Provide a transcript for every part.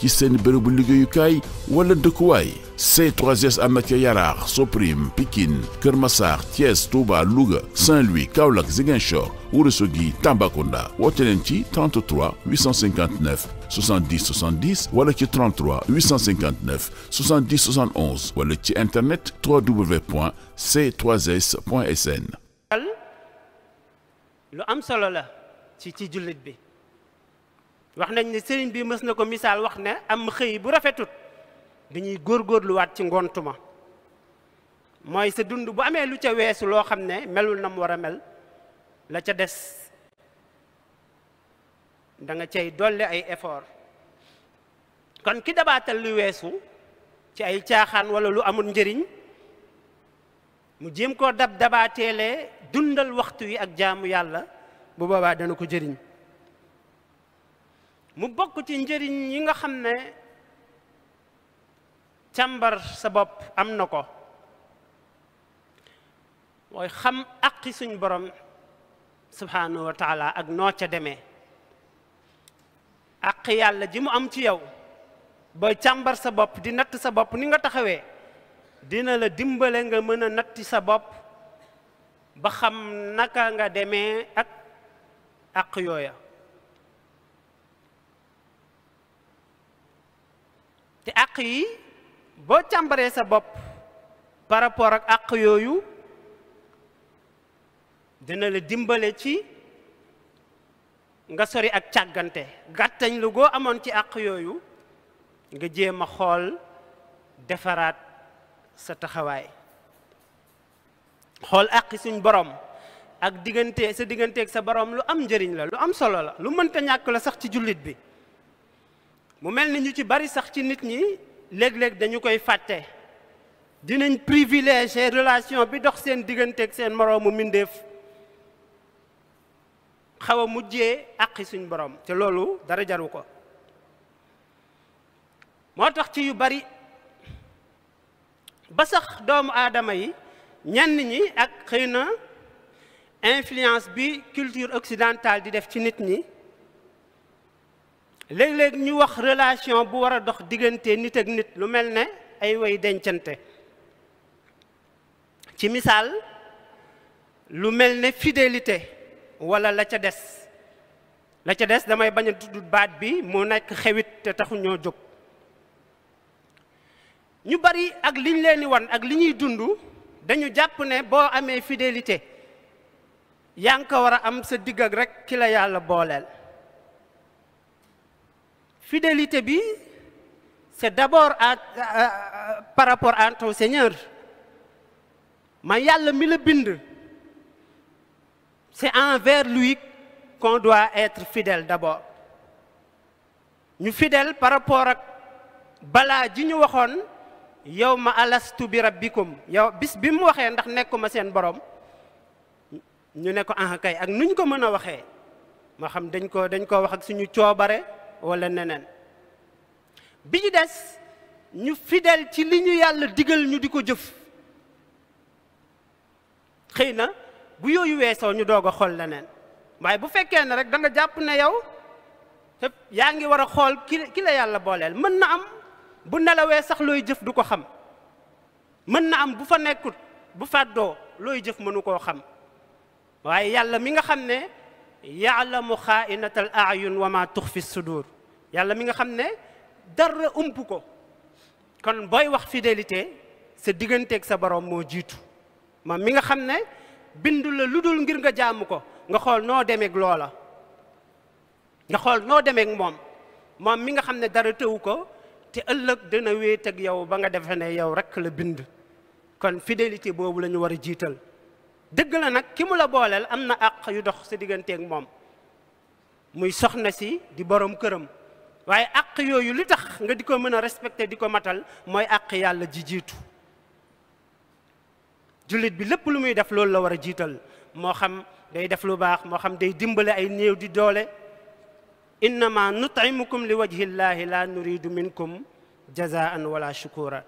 ci seen bërëbu liggéeyukaay wala dëkkuwaay C3S am na ca Soprim Pikine Kër Massar Thiès Touba Louga Saint-Louis Kaolack Ziguinchor Ourossogui Tambacounda woote leen ci 33 859 70 70 wala ci 33 859 70 71 wala ci internet www.c3s.sn. lu am solo la ci ci jullit bi. wax nañ ne sëriñ bi mës na ko misaal wax ne am xëy bu rafetut dañuy góorluwaat ci ngontuma mooy sa dund bu amee lu ca weesu loo xam ne melul na mu war a mel la ca des danga nga cay dolli ay effort kon ki dabaatal lu weesu ci ay caaxaan wala lu amul njëriñ mu jéem koo dab dabaateele dundal waxtu wi ak jaamu yàlla bu boobaa dana ko jëriñ mu bokk ci njëriñ yi nga xam ne càmbar sa bopp am na ko mooy xam aqi suñ borom subhanahu wa ak noo ca demee aqi yàlla ji mu am ci yow booy càmbar sa bopp di natt sa bopp ni nga taxawee dina la dimbale nga mën a natti sa bopp ba xam naka nga demee ak aq yooya te àq yi boo càmbaree sa bopp par rapport ak àq yooyu dina la dimbale ci nga sori ak càggante gàttañ lu goo amoon ci àq yooyu nga jéem a xool defaraat sa taxawaay xool àqi suñ borom ak diggante sa digganteeg sa borom lu am njëriñ la lu am solo la lu mënta ñàkk la sax ci jullit bi mu mel ni ñu ci bari sax ci nit ñi léeg-léeg dañu koy fàtte dinañ privilégier relation bi dox seen diggante ak seen moroomu mbindéef xaw a mujjee àqi suñ borom ca loolu dara jaru ko moo tax ci yu bari ba sax doomu aadama yi ñenn ñi ak xëy na influence bi culture occidentale di def ci nit ñi léeg-léeg ñu wax relation bu war a dox diggante nit ak nit lu mel ne ay way dencante ci misaal lu mel ne fidélité wala la ca des la ca des damay bañ a tudd baat bi mu nekk xewit te taxu ñoo jóg ñu bari ak liñ leen di wan ak li ñuy dund dañu jàpp ne boo amee fidélité yaa ngi ko war a am sa digg ak rek ki la yàlla booleel fidélité bi c'est d'abord à, à, par rapport à ton Seigneur ma yàlla mi la bind c'est envers lui qu'on doit être fidèle d'abord ñu fidèle par rapport ak balaa ji ñu waxoon yow ma alastu bi rabbikum yow bis bi mu waxee ndax nekkuma seen borom ñu ne ko ah kay ak nuñ ko mën a waxee moo xam dañ ko dañ ko wax ak suñu coobare wala neneen bi ñu des ñu fidèle ci li ñu yàlla digal ñu di ko jëf xëy na bu yooyu weesoo ñu doog a xool leneen waaye bu fekkee ne rek danga jàpp ne yow te yaa ngi war a xool ki ki la yàlla booleel mën na am bu nelawee sax looy jëf du ko xam mën na am bu fa nekkut bu fàddoo looy jëf mënu koo xam waaye yàlla mi nga xam ne mu yaalamu xaainatal ayun wa ma tux fi sudur yàlla mi nga xam ne dara ump ko kon booy wax fidélité sa digganteeg sa borom moo jiitu moom mi nga xam ne bindu la lu dul ngir nga jaamu ko nga xool noo demeeg loola nga xool noo demeeg moom moom mi nga xam ne dara tëwu ko te ëllëg dina wéet ak yow ba nga defe ne yow rekk la bind kon fidélité boobu lañu war a jiital dëgg la nag ki mu la booleel am na àq yu dox sa digganteek moom muy soxna si di boroom këram waaye àq yooyu li tax nga di ko mën a respecte di ko matal mooy àq yàlla ji jiitu jullit bi lépp lu muy def loolu la war a jiital moo xam day def lu baax moo xam day dimbale ay néew di doole innama nut'imukum li wajhillahi la nuridu minkum jazaan wala shukura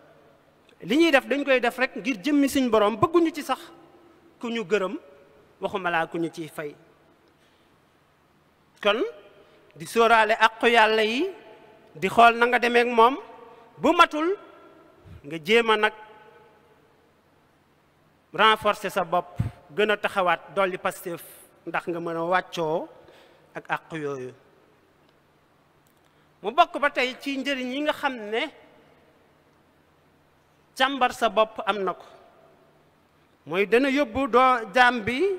li ñuy def dañ koy def rek ngir jëmmi suñ borom bëgguñu ci sax ku ñu gërëm waxuma laa ku ñu ciy fay kon di sóoraale àqu yàlla yi di xool na nga demeek moom bu matul nga jéem a nag renforcer sa bopp gën a taxawaat dolli Pastef ndax nga mën a wàccoo ak àq yooyu mu bokk ba tey ci njëriñ yi nga xam ne càmbar sa bopp am na ko mooy dana yóbbu doo jaam bi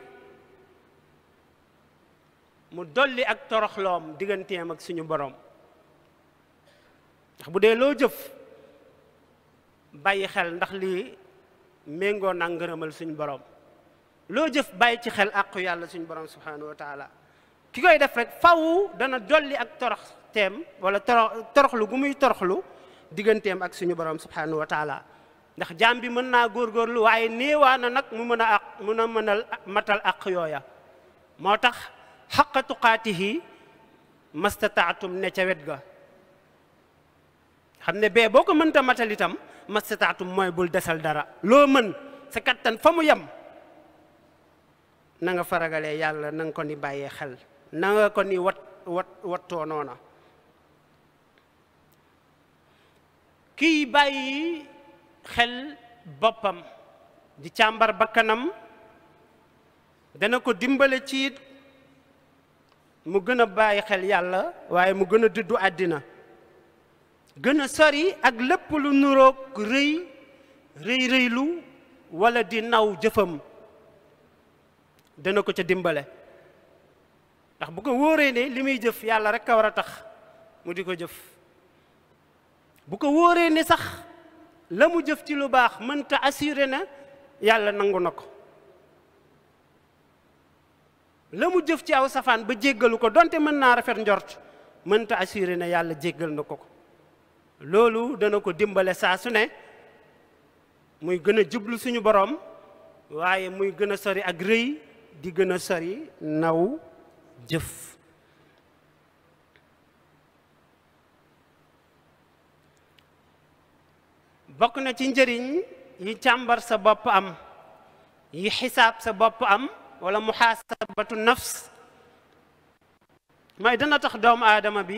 mu dolli ak toroxloom digganteem ak suñu borom ndax bu dee loo jëf bàyyi xel ndax li méngoo na ngërëmal suñu boroom loo jëf bàyyi ci xel àqu yàlla suñu borom subhanahu wa ki koy def rek faw dana dolli ak torox teem wala torox toroxlu gu muy toroxlu digganteem ak suñu borom subhanahu wa ndax jaam bi mën naa góor góorlu waaye néewaa nag mu mën a àq mun a mënal matal àq yooya moo tax xaqa tuqaatihi mastataatum ne ca wet ga xam ne bee boo ko mënta matal itam mastataatum mooy bul desal dara loo mën sa kattan fa mu yem na nga faragalee yàlla na ko ni bàyyee xel na ko ni wat wat wattoo noona bàyyi xel boppam di càmbar bakkanam dana ko dimbale ci mu gëna bàyyi xel yàlla waaye mu gën a dëddu àddina gëna sori ak lépp lu nurook rëy rëy rëylu wala di naw jëfam dana ko ca dimbale ndax bu ko wóoree ne li muy jëf yàlla rekk a war a tax mu di ko jëf bu ko wóoree ne sax la mu jëf ci lu baax mënta assuré na yàlla nangu na ko la mu jëf ci aw safaan ba jéggalu ko donte mën naa rafet njort mënta assuré na yàlla jéggal na ko ko loolu dana ko dimbale saa su ne muy gën a jublu suñu boroom waaye muy gën a sori ak rëy di gën a sori naw jëf bokk na ci njëriñ yi càmbar sa bopp am yi xisaab sa bopp am wala muhaasabatu nafs mooy dana tax doomu aadama bi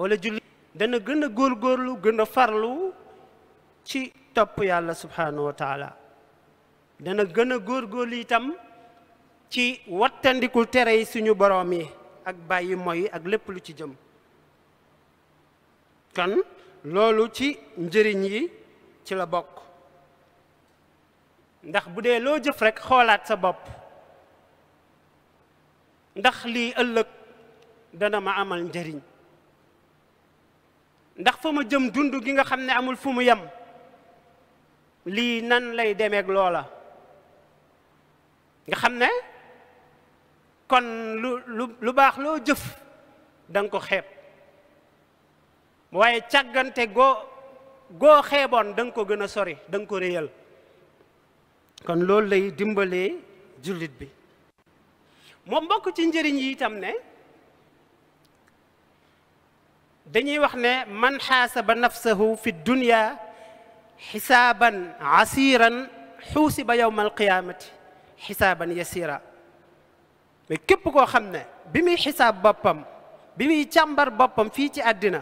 walla julli dana gën a góorgóorlu gën farlu ci topp yàlla subhaanahu wa dana gën góor góorgóorlu itam ci wattandiku tere yi suñu boroom yi ak bàyyi mooy ak lépp lu ci jëm kon loolu ci njëriñ yi ci la bokk ndax bu dee loo jëf rekk xoolaat sa bopp ndax lii ëllëg dana ma amal njariñ ndax fa ma jëm dund gi nga xam ne amul fu mu yem lii nan lay demeeg loola nga xam ne kon lu lu baax loo jëf danga ko xeeb waaye càggante go goo xeeboon da ko gën a sori da nga ko réyal kon loolu lay dimbalee jullit bi moom mbokk ci njëriñ yi itam ne dañuy wax ne man xaasaba nafsahu fi dunya xisaaban asiran ba yowma alqiyaamati xisaaban yasira mais képp koo xam ne bi muy xisaab boppam bi muy càmbar boppam fii ci àddina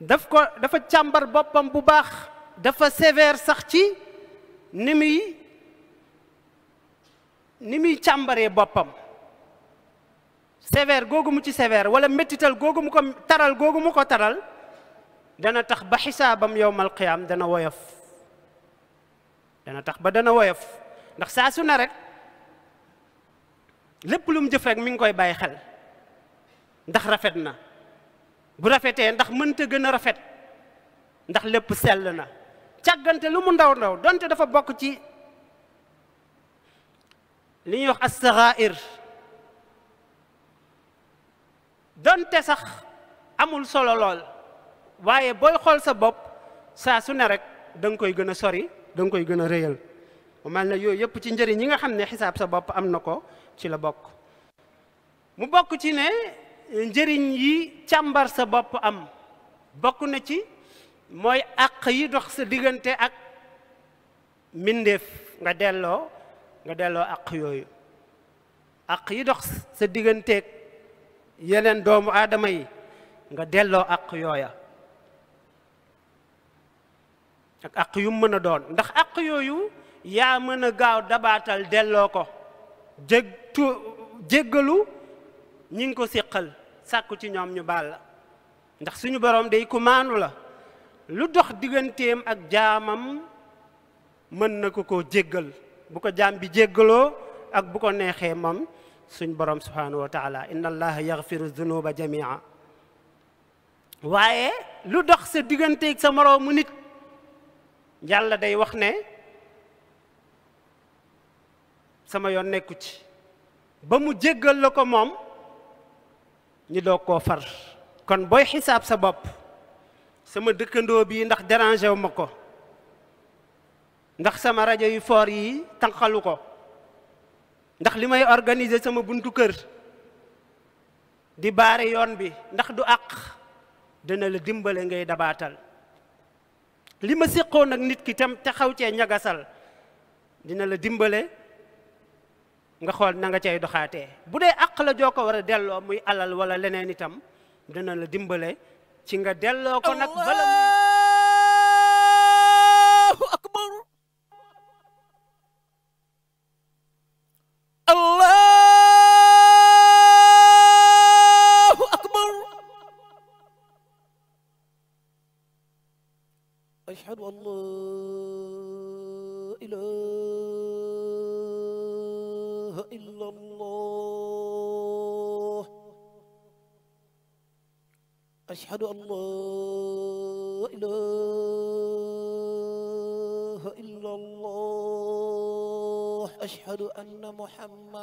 daf ko dafa càmbar boppam bu baax dafa sévère sax ci ni muy ni muy càmbaree boppam sévère googu mu ci sévère wala méttital googu mu ko taral googu mu ko taral dana tax ba xisaabam yowmal qiyaam dana woyof dana tax ba dana woyof ndax saa su ne rek lépp lu mu jëf rek mi ngi koy bàyyi xel ndax rafet na bu rafetee ndax mënta gën a rafet ndax lépp sell na càggante lu mu ndaw ndaw donte dafa bokk ci li ñuy wax as-saxaa'ir doonte sax amul solo lool waaye booy xool sa bopp saa su ne rek da koy gën a sori da koy gën a réyal mu mel na yooyu yëpp ci njëriñ ñi nga xam ne xisaab sa bopp am na ko ci la bokk mu bokk ci ne njëriñ yi càmbar sa bopp am bokk na ci mooy àq yi dox sa diggante ak mbindeef nga delloo nga delloo ak yooyu àq yi dox sa digganteeg yeneen doomu aadama yi nga delloo ak yooya ak àq yu mën a doon ndax àq yooyu yaa mën a gaaw dabaatal delloo ko jég tu jéggalu ñi ngi ko séqal sàkku ci ñoom ñu baal la ndax suñu borom day ku la lu dox digganteem ak jaamam mën na ko koo jéggal bu ko jaam bi jéggaloo ak bu ko neexee moom suñu borom subhanahu wa taala inna allaha yaxfiru zunuba waaye lu dox sa digganteeg sa moroomu nit yàlla day wax ne sama yoon nekku ci ba mu jéggal la ko moom ñi doog koo far kon booy xisaab sa bopp sama dëkkandoo bii ndax dérangé wu ma ko ndax sama rajo yu foor yi tanqalu ko ndax li may organiser sama buntu kër di baare yoon bi ndax du àq dina la dimbale ngay dabaatal li ma séqoon ak nit ki tam te xaw cee ñagasal dina la dimbale nga xool na nga cey doxaatee bu dee àq la joo ko war a delloo muy alal wala leneen itam dina la dimbale ci nga delloo ko nag bala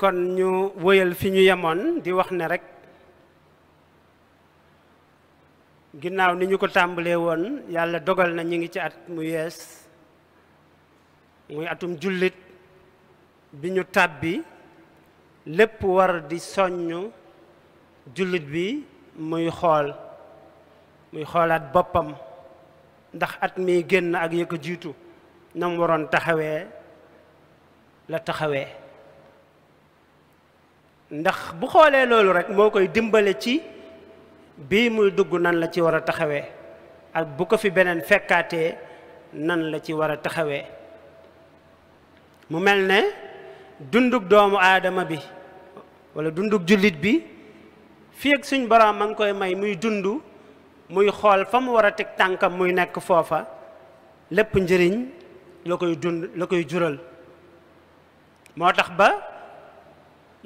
kon ñu wëyal fi ñu yemoon di wax ne rekk ginnaaw ni ñu ko tàmbalee woon yàlla dogal na ñu ngi ci at mu yees muy atum jullit bi ñu tàbbi lépp war di soññ jullit bi muy xool muy xoolaat boppam ndax at mi génn ak yëkk jiitu na waroon taxawee la taxawee ndax bu xoolee loolu rek moo koy dimbale ci bii muy dugg nan la ci war a taxawee ak bu ko fi beneen fekkaatee nan la ci war a taxawee mu mel ne dundug doomu aadama bi wala dundug jullit bi fii ak suñ borom ma ngi koy may muy dund muy xool fa mu war a teg tànkam muy nekk foofa lépp njëriñ la koy dund la koy jural moo tax ba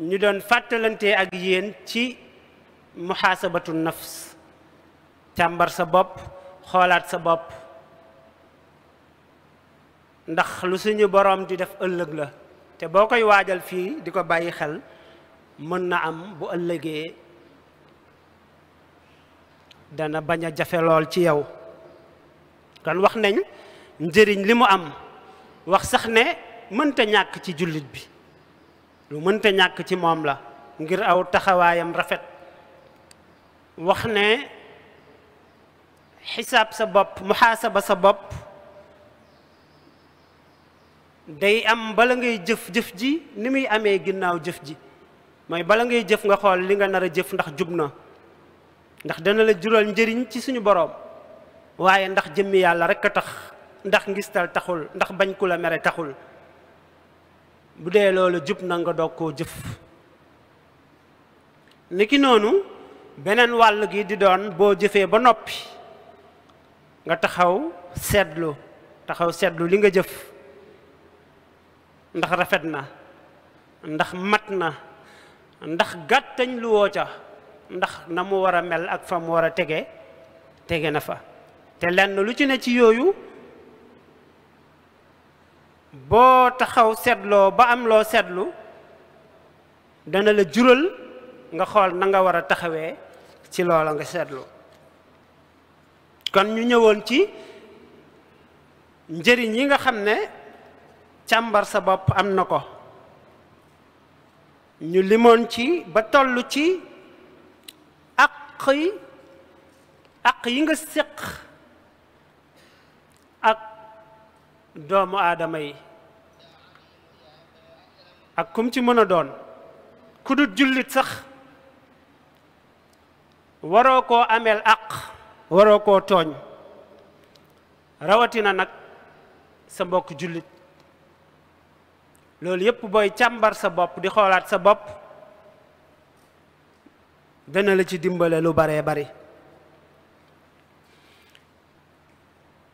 ñu doon fàttalante ak yéen ci muhaasabatu nafs càmbar sa bopp xoolaat sa bopp ndax lu suñu boroom di def ëllëg la te boo koy waajal fii di ko bàyyi xel mën na am bu ëllëgee dana bañ a jafe lool ci yow kon wax nañ njëriñ li mu am wax sax ne mënta ñàkk ci jullit bi lu mënta ñàkk ci moom la ngir aw taxawaayam rafet wax ne xisaab sa bopp muxaasaba sa bopp day am bala ngay jëf-jëf ji ni muy amee ginnaaw jëf ji mooy bala ngay jëf nga xool li nga nar a jëf ndax jub na ndax dana la jural njëriñ ci suñu boroom waaye ndax jëmmi yàlla rekk a tax ndax ngistal taxul ndax bañ ku la mere taxul bu dee loolu jub na nga dog koo jëf niki noonu beneen wàll gi di doon boo jëfee ba noppi nga taxaw seetlu taxaw seetlu li nga jëf ndax rafet na ndax mat na ndax gàttañ lu woo ca ndax na mu war a mel ak fa mu war a tege tege na fa te lenn lu ci ne ci yooyu boo taxaw seetloo ba am loo seetlu dana la jural nga xool na nga war a taxawee ci loola nga seetlu kon ñu ñëwoon ci njëriñ yi nga xam ne càmbar sa bopp am na ko ñu limoon ci ba tollu ci àq yi àq yi nga séq ak doomu aadama yi ak kum ci mën a doon ku dul jullit sax waroo koo ameel àq waroo koo tooñ rawatina nag sa mbokk jullit loolu yépp booy càmbar sa bopp di xoolaat sa bopp dana la ci dimbale lu baree bari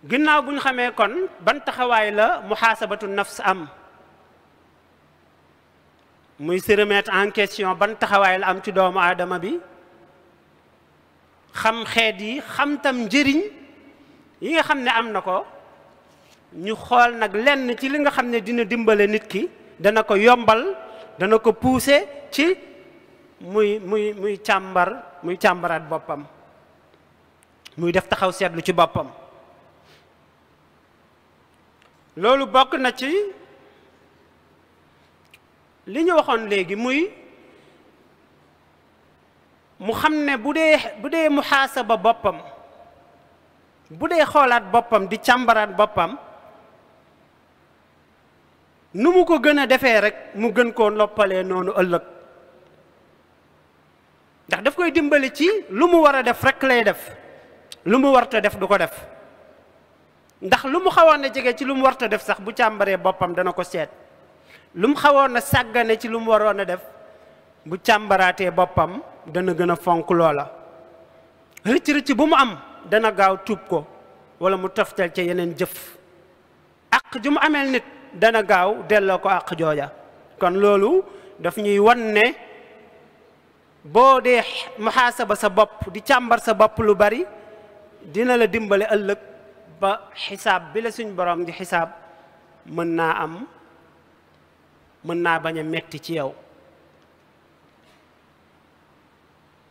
ginnaaw bu ñu xamee kon ban taxawaay la muhaasabatu nafs am muy se en question ban taxawaay la am ci doomu aadama bi xam xeet yi xam tam njëriñ yi nga xam ne am na ko ñu xool nag lenn ci li nga xam ne dina dimbale nit ki dana ko yombal dana ko puuse ci muy muy muy càmbar muy càmbaraat boppam muy def taxaw seetlu ci boppam loolu bokk na ci li ñu waxoon léegi muy mu xam ne bu dee bu dee muxaasaba boppam bu dee xoolaat boppam di càmbaraat boppam nu mu ko gën a defee rekk mu gën koo noppalee noonu ëllëg ndax daf koy dimbali ci lu mu war a def rek lay def lu mu warta def du ko def ndax lu mu xawoon a jege ci lu mu warta def sax bu càmbaree boppam dana ko seet lu mu xawoon a sàggane ci lu mu waroon a def bu càmbaraatee boppam dana gën a fonk loola rëcc rëcc bu mu am dana gaaw tuub ko wala mu toftal ca yeneen jëf àq ju mu ameel nit dana gaaw delloo ko àq jooja kon loolu daf ñuy won ne boo dee muxaasaba sa bopp di càmbar sa bopp lu bari dina la dimbale ëllëg ba xisaab bi la suñ borom di xisaab mën naa am mën naa bañ a metti ci yow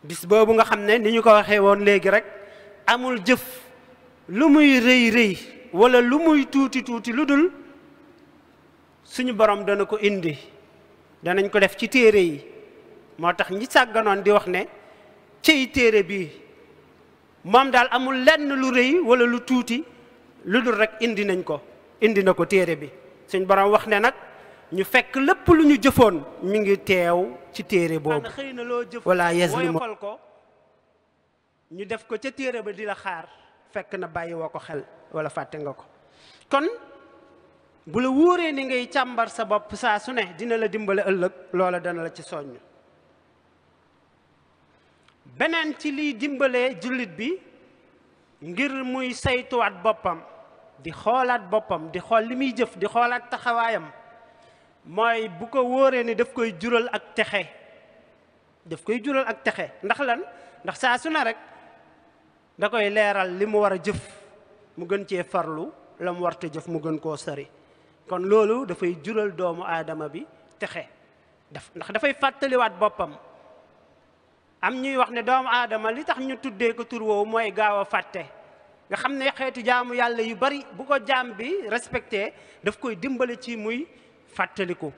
bis boobu nga xam ne ni ñu ko waxee woon léegi rek amul jëf lu muy rëy rëy walla lu muy tuuti tuuti lu dul suñu borom dana ko indi danañ ko def ci téere yi moo tax ñi sàgganoon di wax ne cey téere bii moom daal amul lenn lu rëy wala lu tuuti lu dul rek indi nañ ko indi na ko téere bi suñ borom wax ne nag ñu fekk lépp lu ñu jëfoon mi ngi teew ci téere boobu wala yazlimu ko ñu def ko ca téere ba di la xaar fekk na bàyyi woo ko xel wala fàtte nga ko kon bu la wóoree ni ngay càmbar sa bopp saa su ne dina la dimbale ëllëg loola dana la ci soññ beneen ci liy dimbale jullit bi ngir muy saytuwaat boppam di xoolaat boppam di xool li muy jëf di xoolaat taxawaayam mooy bu ko wóoree ne daf koy jural ak texe daf koy jural ak texe ndax lan ndax saa su na rek da koy leeral li mu war a jëf mu gën cee farlu la mu warta jëf mu gën koo sori kon loolu dafay jural doomu aadama bi texe daf ndax dafay fàttaliwaat boppam am ñuy wax ne doomu aadama li tax ñu tuddee ko tur woowu mooy gaaw a fàtte nga xam ne xeetu jaamu yàlla yu bari bu ko jaam bi respecté daf koy dimbale ci muy fàttaliku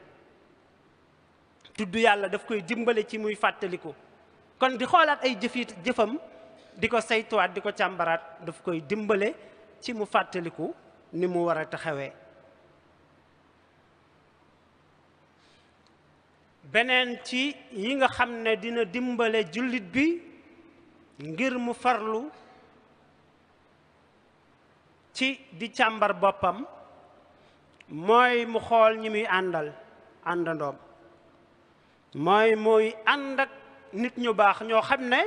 tudd yàlla daf koy dimbale ci muy fàttaliku kon di xoolaat ay jëfit jëfam di ko saytuwaat di ko càmbaraat daf koy dimbale ci mu fàttaliku ni mu war a taxawee beneen ci yi nga xam ne dina dimbale jullit bi ngir mu farlu ci di càmbar boppam mooy mu xool ñi muy àndal àndandoom mooy mooy ànd ak nit ñu baax ñoo xam ne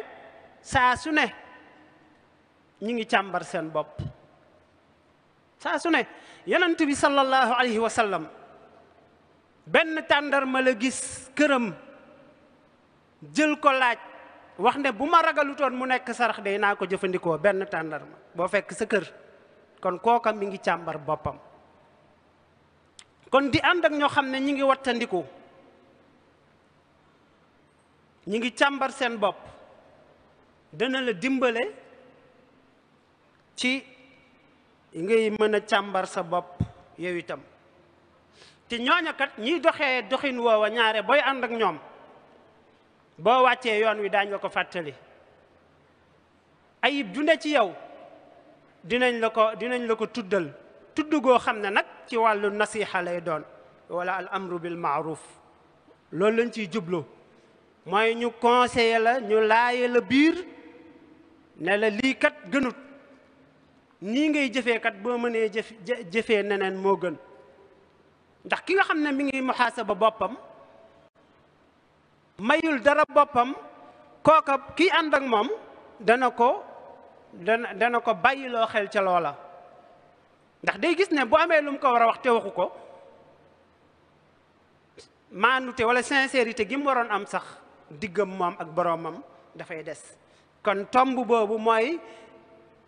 saa su ne ñu ngi càmbar seen bopp saa su ne yonent bi sallallahu alayhi wa benn tàndarma la gis këram jël ko laaj wax ne bu ma ragalutoon mu nekk sarax day naa ko jëfandikoo benn tàndarma boo fekk sa kër kon kooka mi ngi càmbar boppam kon di ànd ak ñoo xam ne ñi ngi wattandiku ñi ngi càmbar seen bopp dana la dimbale ci ngay mën a càmbar sa bopp yow itam te ñooña ñiy doxee doxin woowa ñaare booy ànd ak ñoom boo wàccee yoon wi daañ la ko fàttali ayib junde ci yow dinañ la ko dinañ la ko tuddal tudd goo xam ne nag ci wàllu nasiha lay doon wala al amru bil maaruf loolu lañ ciy jublu mooy ñu conseiller la ñu laaye la biir ne la lii kat gënut nii ngay jëfekat boo mënee jëf neneen moo gën ndax ki nga xam ne mi ngi muhaasaba boppam mayul dara boppam kooka kii ànd ak moom dana ko dana dana ko bàyyiloo xel ca loola ndax day gis ne bu amee lu mu ko war a wax te waxu ko maanute wala sincérité gi mu waroon am sax diggam moom ak boroomam dafay des kon tomb boobu mooy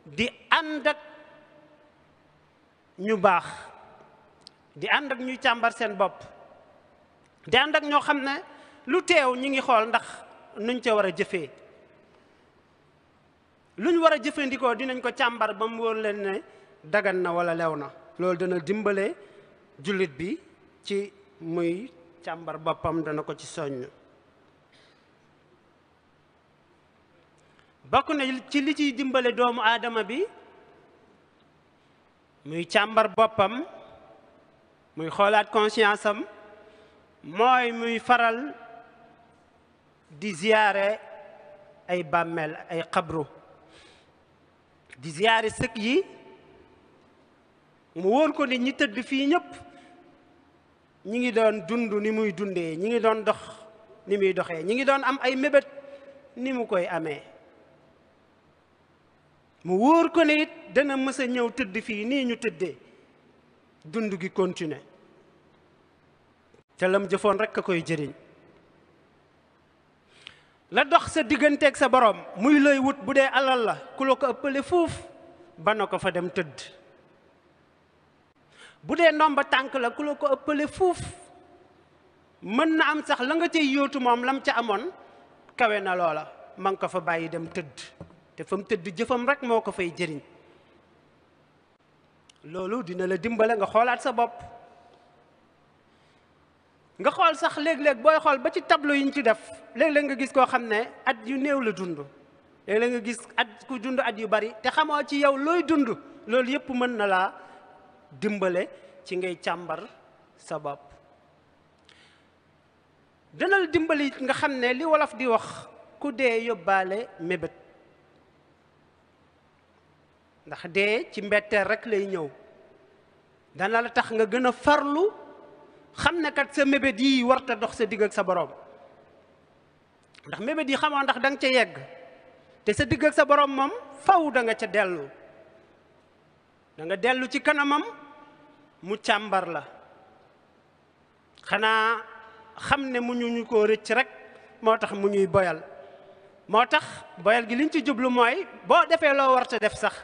di ànd ak ñu baax di ànd ak ñuy càmbar seen bopp di ànd ak ñoo xam ne lu teew ñi ngi xool ndax nuñ ca war a jëfee luñ war a jëfandikoo dinañ ko càmbar ba mu wóor leen ne dagan na wala lew na loolu dana dimbale jullit bi ci muy càmbar boppam dana ko ci soññ bokk na ci li ciy dimbale doomu aadama bi muy càmbar boppam muy xoolaat conscience mooy muy faral di ziyaare ay bàmmeel ay xabru di ziyaare sëkk yi mu wóor ko ni ñi tëdd fii ñëpp ñi ngi doon dund ni muy dundee ñi ngi doon dox ni muy doxee ñi ngi doon am ay mébét ni mu koy amee mu wóor ko ne it dana mësa ñëw tëdd fii nii ñu tëddee dund gi continuer te lam jëfoon rekk a koy jëriñ la dox sa diggante ak sa borom muy lay wut bu dee alal la ku la ko ëppale fuuf ba na ko fa dem tëdd bu dee ndomba tànk la ku la ko ëppale fuuf mën na am sax la nga cay yootu moom lam ca amoon kawe na loola ma ko fa bàyyi dem tëdd te fa tëdd jëfam rek moo ko fay jëriñ loolu dina la dimbale nga xoolaat sa bopp nga xool sax léeg-léeg booy xool ba ci tableau yi ñu ci def léeg-léeg nga gis koo xam ne at yu néew la dund léeg-léeg nga gis at ku dund at yu bari te xamoo ci yow looy dund loolu yëpp mën na laa dimbale ci ngay càmbar sa bopp dana la dimbali nga xam ne li wolof di wax ku dee yóbbaale mébét ndax dee ci mbetteel rek lay ñëw dana la tax nga gën a farlu xam ne kat sa mébét yi warta dox sa digg ak sa boroom ndax mébét yi xamoo ndax danga nga ca yegg te sa digg ak sa boroom moom faw da nga ca dellu da nga dellu ci kanamam mu càmbar la xanaa xam ne mu ñu ñu koo rëcc rek moo tax mu ñuy boyal moo tax boyal gi liñ ci jublu mooy boo defee loo warta def sax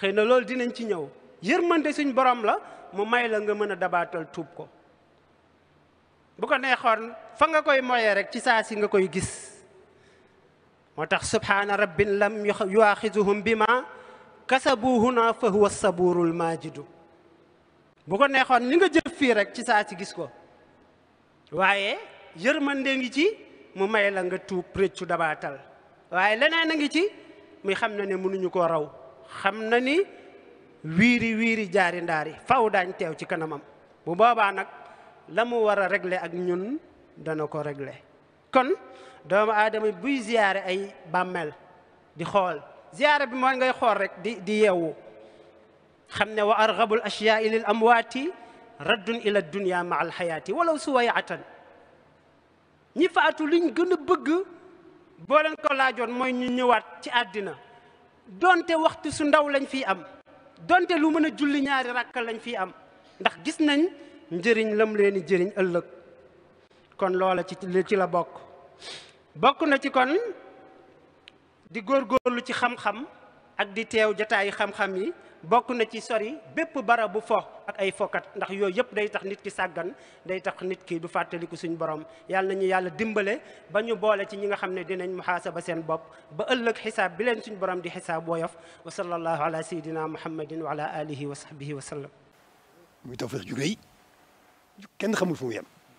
xëy na loolu dinañ ci ñëw yërmande suñ boroom la mu may la nga mën a dabaatal tuub ko bu ko neexoon fa nga koy moyee rek ci saa si nga koy gis moo tax subhaana rabbin lam yuaxizuhum bi ma kasabu huna fa huwa saburul majidu bu ko neexoon li nga jëf fii rek ci saa si gis ko waaye yërmande ngi ci mu may la nga tuub réccu dabaatal waaye leneen a ngi ci muy xam na ne mënuñu ko raw xam na ni wiiri wiiri jaari ndaari faw daañ teew ci kanamam bu boobaa nag la mu wara regle ak ñun dana ko regle kon doomu aadama buy ziyaare ay bàmmeel di xool ziyaare bi mooy ngay xool rek di di yeewu xam ne wa argabul ashyaai lil amwaati raddun ila dunya ma alxayaati walaw suwayaatan ñi faatu liñ gën bëgg boo leen ko laajoon mooy ñu ñëwaat ci àddina donte waxtu su ndaw lañ fiy am donte lu mën a julli ñaari rakka lañ fiy am ndax gis nañ njëriñ lam leen di jëriñ ëllëg kon loola ci ci la bokk bokk na ci kon di góor góorgóorlu ci xam-xam ak di teew jataayu xam-xam yi bokk na ci sori bépp barabu fo ak ay fokat ndax yooyu yëpp day tax nit ki sàggan day tax nit ki du fàttaliku suñu borom yàlla ñu yàlla dimbale ba ñu boole ci ñi nga xam ne dinañ muhaasaba seen bopp ba ëllëg xisaab bi leen suñu borom di xisaab woyof wa sallallahu ala sayidina muhammadin wa ala alihi wa sahbihi wa sallam muy tawfeex ju rëy kenn xamul fu yam